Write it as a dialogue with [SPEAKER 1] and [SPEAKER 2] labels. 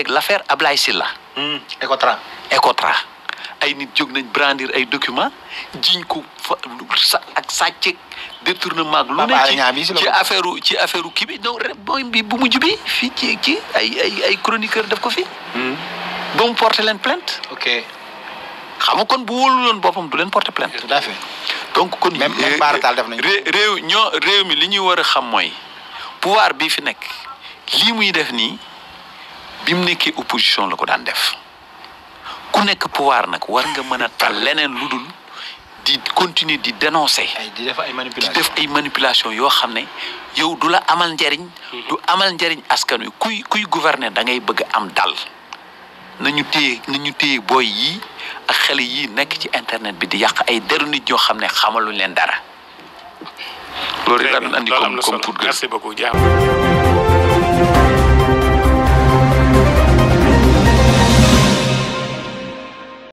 [SPEAKER 1] avec l'affaire Ablaye Sylla. Hmm, Ecotra. Ecotra ay nit jóg nañ brandir ay documents jiñ ko fa sa ak sàcceeg détournement lu ne ci ci affaire ci affaire kii bi donc mooy bi bu mujj bi fii ci ci ay ay ay chroniqueur def ko fi. Hmm. ba mu porté leen plainte. ok xam kon bu wóolu loon boppam du leen porté plainte. tout à fait donc kon. même def nañ réew ñoo réew mi li ñuy war a xam mooy pouvoir bii fi nekk lii muy def nii. bi mu nekkee opposition la ko daan def ku nekk pouvoir nag war nga mën a tal leneen lu dul di continuer di dénoncer. di def ay manipulation def ay manipulation yoo xam ne yow du la amal njariñ. Mm-hmm. amal njariñ askan wi kuy kuy gouverner da ngay bëgg am dal. nañu téye nañu téye booy yii ak xale yii nekk ci internet bi di yàq ay deru nit ñoo xam ne xamaluñ leen dara. loolu rek daan andi comme comme pour merci